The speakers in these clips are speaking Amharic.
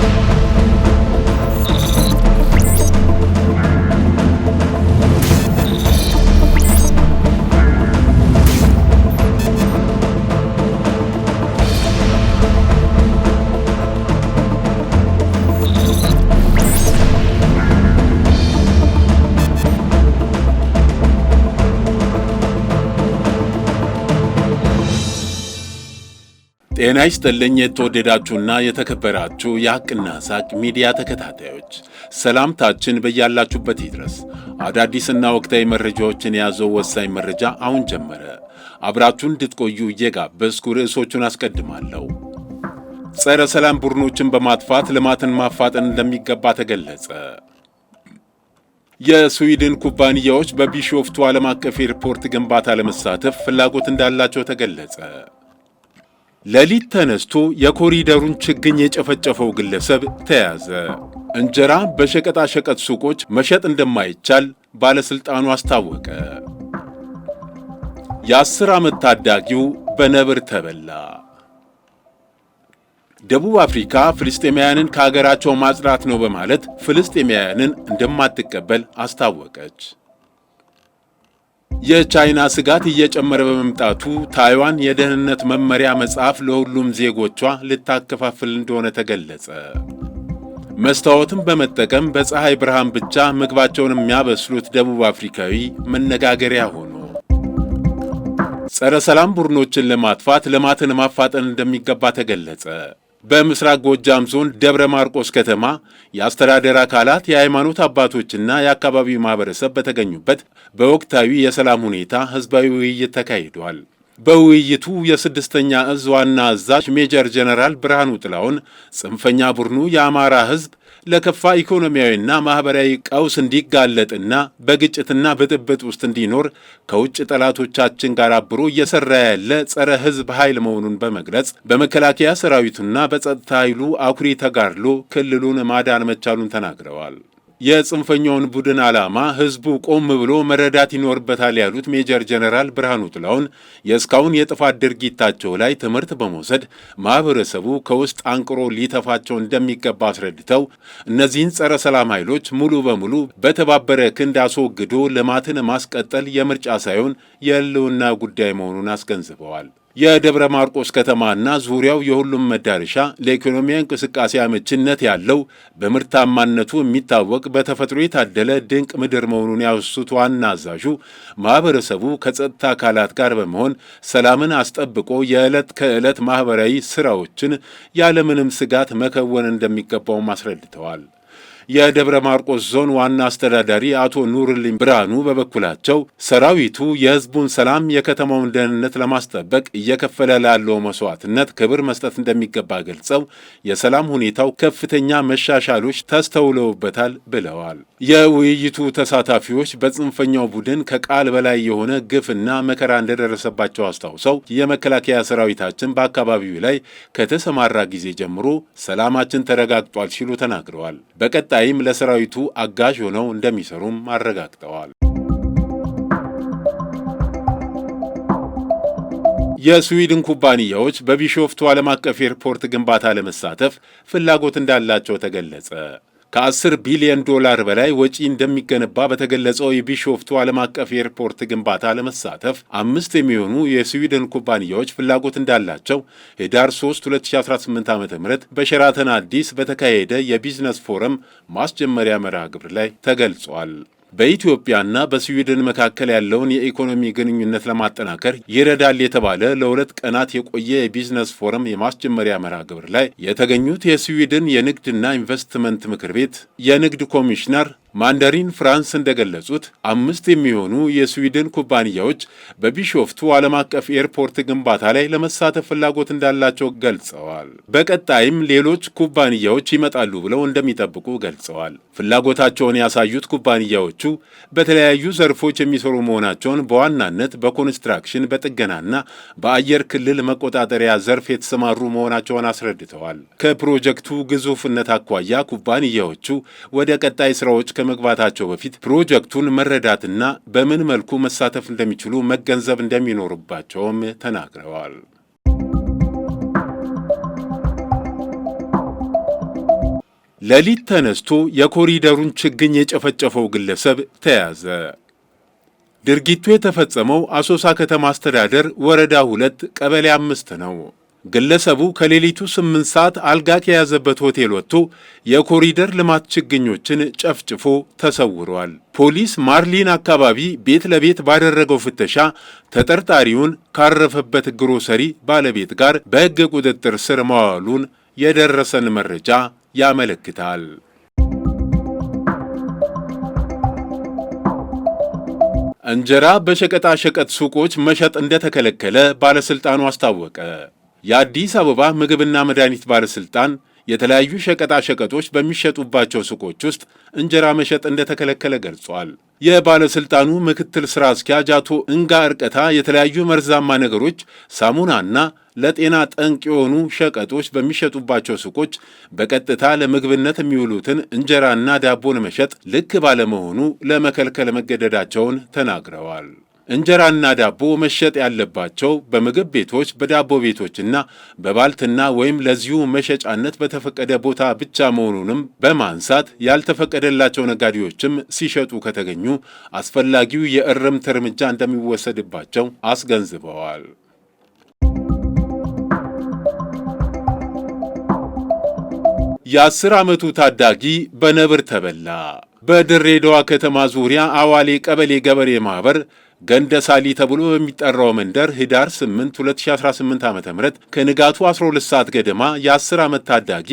Thank you. ጤና ይስጥልኝ የተወደዳችሁና የተከበራችሁ የሐቅና ሳቅ ሚዲያ ተከታታዮች፣ ሰላምታችን በያላችሁበት ይድረስ። አዳዲስና ወቅታዊ መረጃዎችን የያዘው ወሳኝ መረጃ አሁን ጀመረ። አብራችሁን እንድትቆዩ እየጋበዝኩ ርዕሶቹን አስቀድማለሁ። ጸረ ሰላም ቡድኖችን በማጥፋት ልማትን ማፋጠን እንደሚገባ ተገለጸ። የስዊድን ኩባንያዎች በቢሾፍቱ ዓለም አቀፍ ኤርፖርት ግንባታ ለመሳተፍ ፍላጎት እንዳላቸው ተገለጸ። ሌሊት ተነስቶ የኮሪደሩን ችግኝ የጨፈጨፈው ግለሰብ ተያዘ። እንጀራ በሸቀጣሸቀጥ ሱቆች መሸጥ እንደማይቻል ባለሥልጣኑ አስታወቀ። የአስር ዓመት ታዳጊው በነብር ተበላ። ደቡብ አፍሪካ ፍልስጤማውያንን ከአገራቸው ማጽዳት ነው በማለት ፍልስጤማውያንን እንደማትቀበል አስታወቀች። የቻይና ስጋት እየጨመረ በመምጣቱ ታይዋን የደህንነት መመሪያ መጽሐፍ ለሁሉም ዜጎቿ ልታከፋፍል እንደሆነ ተገለጸ። መስታወትን በመጠቀም በፀሐይ ብርሃን ብቻ ምግባቸውን የሚያበስሉት ደቡብ አፍሪካዊ መነጋገሪያ ሆኖ ጸረ ሰላም ቡድኖችን ለማጥፋት ልማትን ማፋጠን እንደሚገባ ተገለጸ። በምስራቅ ጎጃም ዞን ደብረ ማርቆስ ከተማ የአስተዳደር አካላት የሃይማኖት አባቶችና የአካባቢው ማህበረሰብ በተገኙበት በወቅታዊ የሰላም ሁኔታ ህዝባዊ ውይይት ተካሂዷል። በውይይቱ የስድስተኛ እዝ ዋና አዛዥ ሜጀር ጀነራል ብርሃኑ ጥላውን ጽንፈኛ ቡድኑ የአማራ ህዝብ ለከፋ ኢኮኖሚያዊና ማኅበራዊ ቀውስ እንዲጋለጥና በግጭትና ብጥብጥ ውስጥ እንዲኖር ከውጭ ጠላቶቻችን ጋር አብሮ እየሰራ ያለ ጸረ ሕዝብ ኃይል መሆኑን በመግለጽ በመከላከያ ሰራዊቱና በጸጥታ ኃይሉ አኩሪ ተጋድሎ ክልሉን ማዳን መቻሉን ተናግረዋል። የጽንፈኛውን ቡድን ዓላማ ህዝቡ ቆም ብሎ መረዳት ይኖርበታል ያሉት ሜጀር ጀነራል ብርሃኑ ጥላውን የእስካሁን የጥፋት ድርጊታቸው ላይ ትምህርት በመውሰድ ማኅበረሰቡ ከውስጥ አንቅሮ ሊተፋቸው እንደሚገባ አስረድተው እነዚህን ጸረ ሰላም ኃይሎች ሙሉ በሙሉ በተባበረ ክንድ አስወግዶ ልማትን ማስቀጠል የምርጫ ሳይሆን የህልውና ጉዳይ መሆኑን አስገንዝበዋል። የደብረ ማርቆስ ከተማና ዙሪያው የሁሉም መዳረሻ ለኢኮኖሚያ እንቅስቃሴ አመችነት ያለው በምርታማነቱ የሚታወቅ በተፈጥሮ የታደለ ድንቅ ምድር መሆኑን ያወሱት ዋና አዛዡ ማህበረሰቡ ከጸጥታ አካላት ጋር በመሆን ሰላምን አስጠብቆ የዕለት ከዕለት ማህበራዊ ስራዎችን ያለምንም ስጋት መከወን እንደሚገባውም አስረድተዋል። የደብረ ማርቆስ ዞን ዋና አስተዳዳሪ አቶ ኑርልኝ ብርሃኑ በበኩላቸው ሰራዊቱ የህዝቡን ሰላም፣ የከተማውን ደህንነት ለማስጠበቅ እየከፈለ ላለው መስዋዕትነት ክብር መስጠት እንደሚገባ ገልጸው የሰላም ሁኔታው ከፍተኛ መሻሻሎች ተስተውለውበታል ብለዋል። የውይይቱ ተሳታፊዎች በጽንፈኛው ቡድን ከቃል በላይ የሆነ ግፍና መከራ እንደደረሰባቸው አስታውሰው የመከላከያ ሰራዊታችን በአካባቢው ላይ ከተሰማራ ጊዜ ጀምሮ ሰላማችን ተረጋግጧል ሲሉ ተናግረዋል። በቀጣይ በቀጣይም ለሰራዊቱ አጋዥ ሆነው እንደሚሰሩም አረጋግጠዋል። የስዊድን ኩባንያዎች በቢሾፍቱ ዓለም አቀፍ ኤርፖርት ግንባታ ለመሳተፍ ፍላጎት እንዳላቸው ተገለጸ። ከ10 ቢሊዮን ዶላር በላይ ወጪ እንደሚገነባ በተገለጸው የቢሾፍቱ ዓለም አቀፍ ኤርፖርት ግንባታ ለመሳተፍ አምስት የሚሆኑ የስዊድን ኩባንያዎች ፍላጎት እንዳላቸው ህዳር 3 2018 ዓ ም በሸራተን አዲስ በተካሄደ የቢዝነስ ፎረም ማስጀመሪያ መርሃ ግብር ላይ ተገልጿል። በኢትዮጵያና በስዊድን መካከል ያለውን የኢኮኖሚ ግንኙነት ለማጠናከር ይረዳል የተባለ ለሁለት ቀናት የቆየ የቢዝነስ ፎረም የማስጀመሪያ መርሃ ግብር ላይ የተገኙት የስዊድን የንግድና ኢንቨስትመንት ምክር ቤት የንግድ ኮሚሽነር ማንደሪን ፍራንስ እንደገለጹት አምስት የሚሆኑ የስዊድን ኩባንያዎች በቢሾፍቱ ዓለም አቀፍ ኤርፖርት ግንባታ ላይ ለመሳተፍ ፍላጎት እንዳላቸው ገልጸዋል። በቀጣይም ሌሎች ኩባንያዎች ይመጣሉ ብለው እንደሚጠብቁ ገልጸዋል። ፍላጎታቸውን ያሳዩት ኩባንያዎቹ በተለያዩ ዘርፎች የሚሰሩ መሆናቸውን በዋናነት በኮንስትራክሽን በጥገናና በአየር ክልል መቆጣጠሪያ ዘርፍ የተሰማሩ መሆናቸውን አስረድተዋል። ከፕሮጀክቱ ግዙፍነት አኳያ ኩባንያዎቹ ወደ ቀጣይ ስራዎች ከመግባታቸው በፊት ፕሮጀክቱን መረዳትና በምን መልኩ መሳተፍ እንደሚችሉ መገንዘብ እንደሚኖርባቸውም ተናግረዋል። ሌሊት ተነስቶ የኮሪደሩን ችግኝ የጨፈጨፈው ግለሰብ ተያዘ። ድርጊቱ የተፈጸመው አሶሳ ከተማ አስተዳደር ወረዳ ሁለት ቀበሌ አምስት ነው። ግለሰቡ ከሌሊቱ ስምንት ሰዓት አልጋ ከያዘበት ሆቴል ወጥቶ የኮሪደር ልማት ችግኞችን ጨፍጭፎ ተሰውሯል። ፖሊስ ማርሊን አካባቢ ቤት ለቤት ባደረገው ፍተሻ ተጠርጣሪውን ካረፈበት ግሮሰሪ ባለቤት ጋር በሕግ ቁጥጥር ስር መዋሉን የደረሰን መረጃ ያመለክታል። እንጀራ በሸቀጣሸቀጥ ሱቆች መሸጥ እንደተከለከለ ባለሥልጣኑ አስታወቀ። የአዲስ አበባ ምግብና መድኃኒት ባለሥልጣን የተለያዩ ሸቀጣ ሸቀጦች በሚሸጡባቸው ሱቆች ውስጥ እንጀራ መሸጥ እንደተከለከለ ገልጿል። የባለሥልጣኑ ምክትል ሥራ አስኪያጅ አቶ እንጋ እርቀታ የተለያዩ መርዛማ ነገሮች፣ ሳሙናና ለጤና ጠንቅ የሆኑ ሸቀጦች በሚሸጡባቸው ሱቆች በቀጥታ ለምግብነት የሚውሉትን እንጀራና ዳቦን መሸጥ ልክ ባለመሆኑ ለመከልከል መገደዳቸውን ተናግረዋል። እንጀራና ዳቦ መሸጥ ያለባቸው በምግብ ቤቶች፣ በዳቦ ቤቶችና በባልትና ወይም ለዚሁ መሸጫነት በተፈቀደ ቦታ ብቻ መሆኑንም በማንሳት ያልተፈቀደላቸው ነጋዴዎችም ሲሸጡ ከተገኙ አስፈላጊው የእርምት እርምጃ እንደሚወሰድባቸው አስገንዝበዋል። የአስር ዓመቱ ታዳጊ በነብር ተበላ። በድሬዳዋ ከተማ ዙሪያ አዋሌ ቀበሌ ገበሬ ማኅበር ገንደሳሊ ተብሎ በሚጠራው መንደር ህዳር 8 2018 ዓ ም ከንጋቱ 12 ሰዓት ገደማ የ10 ዓመት ታዳጊ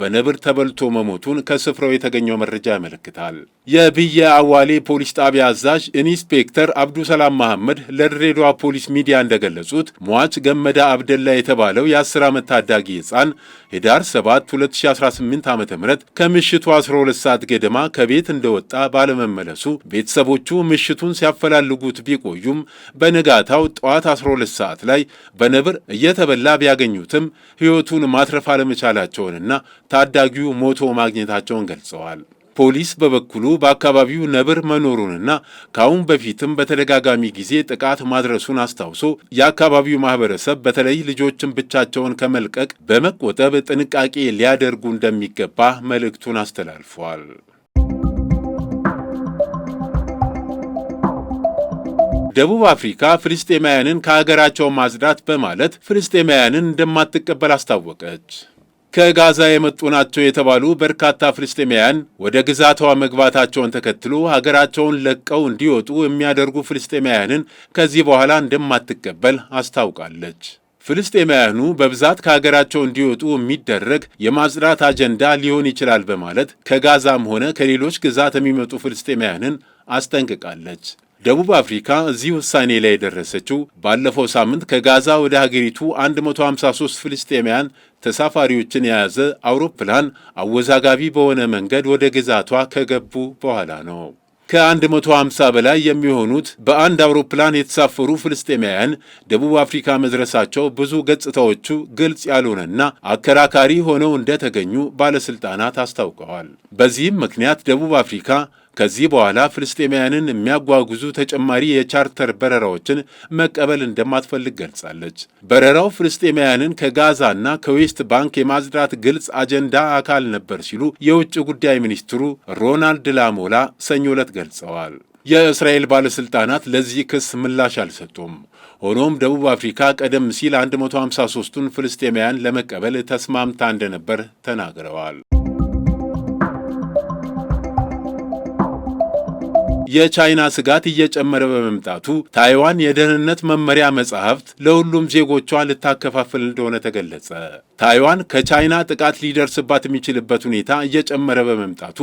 በነብር ተበልቶ መሞቱን ከስፍራው የተገኘው መረጃ ያመለክታል። የብዬ አዋሌ ፖሊስ ጣቢያ አዛዥ ኢንስፔክተር አብዱሰላም መሐመድ ለድሬዳዋ ፖሊስ ሚዲያ እንደገለጹት ሟች ገመዳ አብደላ የተባለው የ10 ዓመት ታዳጊ ሕፃን ኅዳር 7 2018 ዓ ም ከምሽቱ 12 ሰዓት ገደማ ከቤት እንደወጣ ባለመመለሱ ቤተሰቦቹ ምሽቱን ሲያፈላልጉት ቢቆዩም በነጋታው ጠዋት 12 ሰዓት ላይ በነብር እየተበላ ቢያገኙትም ሕይወቱን ማትረፍ አለመቻላቸውንና ታዳጊው ሞቶ ማግኘታቸውን ገልጸዋል። ፖሊስ በበኩሉ በአካባቢው ነብር መኖሩንና ከአሁን በፊትም በተደጋጋሚ ጊዜ ጥቃት ማድረሱን አስታውሶ የአካባቢው ማህበረሰብ በተለይ ልጆችን ብቻቸውን ከመልቀቅ በመቆጠብ ጥንቃቄ ሊያደርጉ እንደሚገባ መልእክቱን አስተላልፏል። ደቡብ አፍሪካ ፍልስጤማውያንን ከሀገራቸው ማጽዳት በማለት ፍልስጤማውያንን እንደማትቀበል አስታወቀች። ከጋዛ የመጡ ናቸው የተባሉ በርካታ ፍልስጤማውያን ወደ ግዛቷ መግባታቸውን ተከትሎ ሀገራቸውን ለቀው እንዲወጡ የሚያደርጉ ፍልስጤማውያንን ከዚህ በኋላ እንደማትቀበል አስታውቃለች። ፍልስጤማውያኑ በብዛት ከሀገራቸው እንዲወጡ የሚደረግ የማጽዳት አጀንዳ ሊሆን ይችላል በማለት ከጋዛም ሆነ ከሌሎች ግዛት የሚመጡ ፍልስጤማውያንን አስጠንቅቃለች። ደቡብ አፍሪካ እዚህ ውሳኔ ላይ የደረሰችው ባለፈው ሳምንት ከጋዛ ወደ ሀገሪቱ 153 ፍልስጤማውያን ተሳፋሪዎችን የያዘ አውሮፕላን አወዛጋቢ በሆነ መንገድ ወደ ግዛቷ ከገቡ በኋላ ነው። ከ150 በላይ የሚሆኑት በአንድ አውሮፕላን የተሳፈሩ ፍልስጤማውያን ደቡብ አፍሪካ መድረሳቸው ብዙ ገጽታዎቹ ግልጽ ያልሆነና አከራካሪ ሆነው እንደተገኙ ባለሥልጣናት አስታውቀዋል። በዚህም ምክንያት ደቡብ አፍሪካ ከዚህ በኋላ ፍልስጤማውያንን የሚያጓጉዙ ተጨማሪ የቻርተር በረራዎችን መቀበል እንደማትፈልግ ገልጻለች። በረራው ፍልስጤማውያንን ከጋዛና ከዌስት ባንክ የማጽዳት ግልጽ አጀንዳ አካል ነበር ሲሉ የውጭ ጉዳይ ሚኒስትሩ ሮናልድ ላሞላ ሰኞ ዕለት ገልጸዋል። የእስራኤል ባለሥልጣናት ለዚህ ክስ ምላሽ አልሰጡም። ሆኖም ደቡብ አፍሪካ ቀደም ሲል 153ቱን ፍልስጤማውያን ለመቀበል ተስማምታ እንደነበር ተናግረዋል። የቻይና ስጋት እየጨመረ በመምጣቱ ታይዋን የደህንነት መመሪያ መጽሕፍት ለሁሉም ዜጎቿ ልታከፋፍል እንደሆነ ተገለጸ። ታይዋን ከቻይና ጥቃት ሊደርስባት የሚችልበት ሁኔታ እየጨመረ በመምጣቱ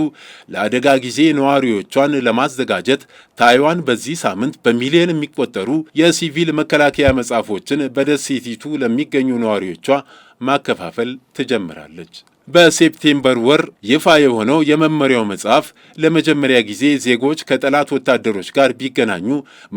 ለአደጋ ጊዜ ነዋሪዎቿን ለማዘጋጀት ታይዋን በዚህ ሳምንት በሚሊዮን የሚቆጠሩ የሲቪል መከላከያ መጽሐፎችን በደሴቲቱ ለሚገኙ ነዋሪዎቿ ማከፋፈል ትጀምራለች። በሴፕቴምበር ወር ይፋ የሆነው የመመሪያው መጽሐፍ ለመጀመሪያ ጊዜ ዜጎች ከጠላት ወታደሮች ጋር ቢገናኙ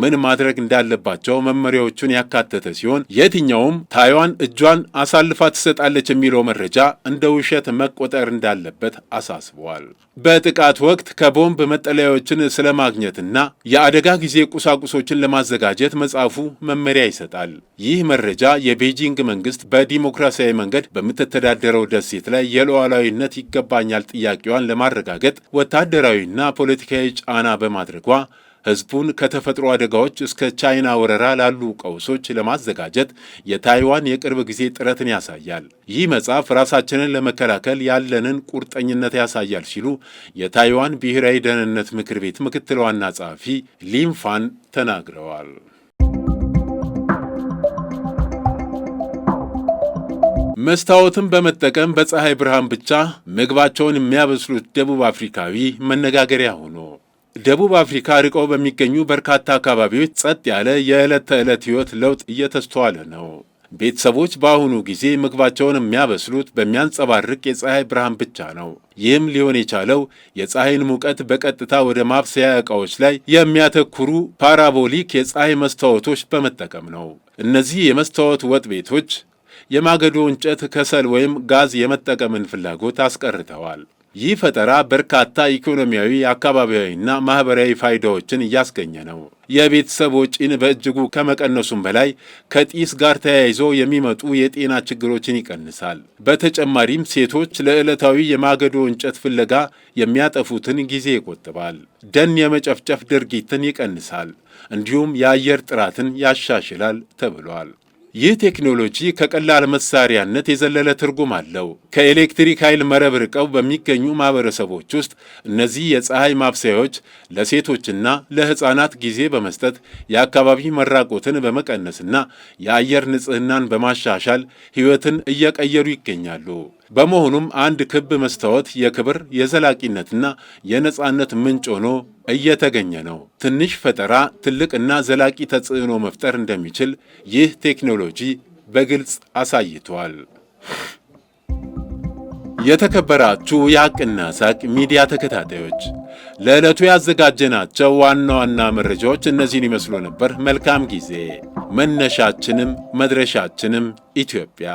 ምን ማድረግ እንዳለባቸው መመሪያዎቹን ያካተተ ሲሆን የትኛውም ታይዋን እጇን አሳልፋ ትሰጣለች የሚለው መረጃ እንደ ውሸት መቆጠር እንዳለበት አሳስበዋል። በጥቃት ወቅት ከቦምብ መጠለያዎችን ስለማግኘትና የአደጋ ጊዜ ቁሳቁሶችን ለማዘጋጀት መጽሐፉ መመሪያ ይሰጣል። ይህ መረጃ የቤጂንግ መንግስት በዲሞክራሲያዊ መንገድ በምትተዳደረው ደሴት ላይ የሉዓላዊነት ይገባኛል ጥያቄዋን ለማረጋገጥ ወታደራዊና ፖለቲካዊ ጫና በማድረጓ ህዝቡን ከተፈጥሮ አደጋዎች እስከ ቻይና ወረራ ላሉ ቀውሶች ለማዘጋጀት የታይዋን የቅርብ ጊዜ ጥረትን ያሳያል። ይህ መጽሐፍ ራሳችንን ለመከላከል ያለንን ቁርጠኝነት ያሳያል ሲሉ የታይዋን ብሔራዊ ደህንነት ምክር ቤት ምክትል ዋና ጸሐፊ ሊምፋን ተናግረዋል። መስታወትን በመጠቀም በፀሐይ ብርሃን ብቻ ምግባቸውን የሚያበስሉት ደቡብ አፍሪካዊ መነጋገሪያ ሆኖ ደቡብ አፍሪካ ርቀው በሚገኙ በርካታ አካባቢዎች ጸጥ ያለ የዕለት ተዕለት ሕይወት ለውጥ እየተስተዋለ ነው። ቤተሰቦች በአሁኑ ጊዜ ምግባቸውን የሚያበስሉት በሚያንጸባርቅ የፀሐይ ብርሃን ብቻ ነው። ይህም ሊሆን የቻለው የፀሐይን ሙቀት በቀጥታ ወደ ማብሰያ ዕቃዎች ላይ የሚያተኩሩ ፓራቦሊክ የፀሐይ መስታወቶች በመጠቀም ነው። እነዚህ የመስታወት ወጥ ቤቶች የማገዶ እንጨት፣ ከሰል ወይም ጋዝ የመጠቀምን ፍላጎት አስቀርተዋል። ይህ ፈጠራ በርካታ ኢኮኖሚያዊ፣ አካባቢያዊና ማህበራዊ ፋይዳዎችን እያስገኘ ነው። የቤተሰብ ወጪን በእጅጉ ከመቀነሱም በላይ ከጢስ ጋር ተያይዞ የሚመጡ የጤና ችግሮችን ይቀንሳል። በተጨማሪም ሴቶች ለዕለታዊ የማገዶ እንጨት ፍለጋ የሚያጠፉትን ጊዜ ይቆጥባል። ደን የመጨፍጨፍ ድርጊትን ይቀንሳል። እንዲሁም የአየር ጥራትን ያሻሽላል ተብሏል። ይህ ቴክኖሎጂ ከቀላል መሳሪያነት የዘለለ ትርጉም አለው። ከኤሌክትሪክ ኃይል መረብ ርቀው በሚገኙ ማህበረሰቦች ውስጥ እነዚህ የፀሐይ ማብሰያዎች ለሴቶችና ለሕፃናት ጊዜ በመስጠት የአካባቢ መራቆትን በመቀነስና የአየር ንጽህናን በማሻሻል ሕይወትን እየቀየሩ ይገኛሉ። በመሆኑም አንድ ክብ መስታወት የክብር የዘላቂነትና የነጻነት ምንጭ ሆኖ እየተገኘ ነው። ትንሽ ፈጠራ ትልቅና ዘላቂ ተጽዕኖ መፍጠር እንደሚችል ይህ ቴክኖሎጂ በግልጽ አሳይቷል። የተከበራችሁ የአቅና ሳቅ ሚዲያ ተከታታዮች ለዕለቱ ያዘጋጀናቸው ዋና ዋና መረጃዎች እነዚህን ይመስሉ ነበር። መልካም ጊዜ። መነሻችንም መድረሻችንም ኢትዮጵያ።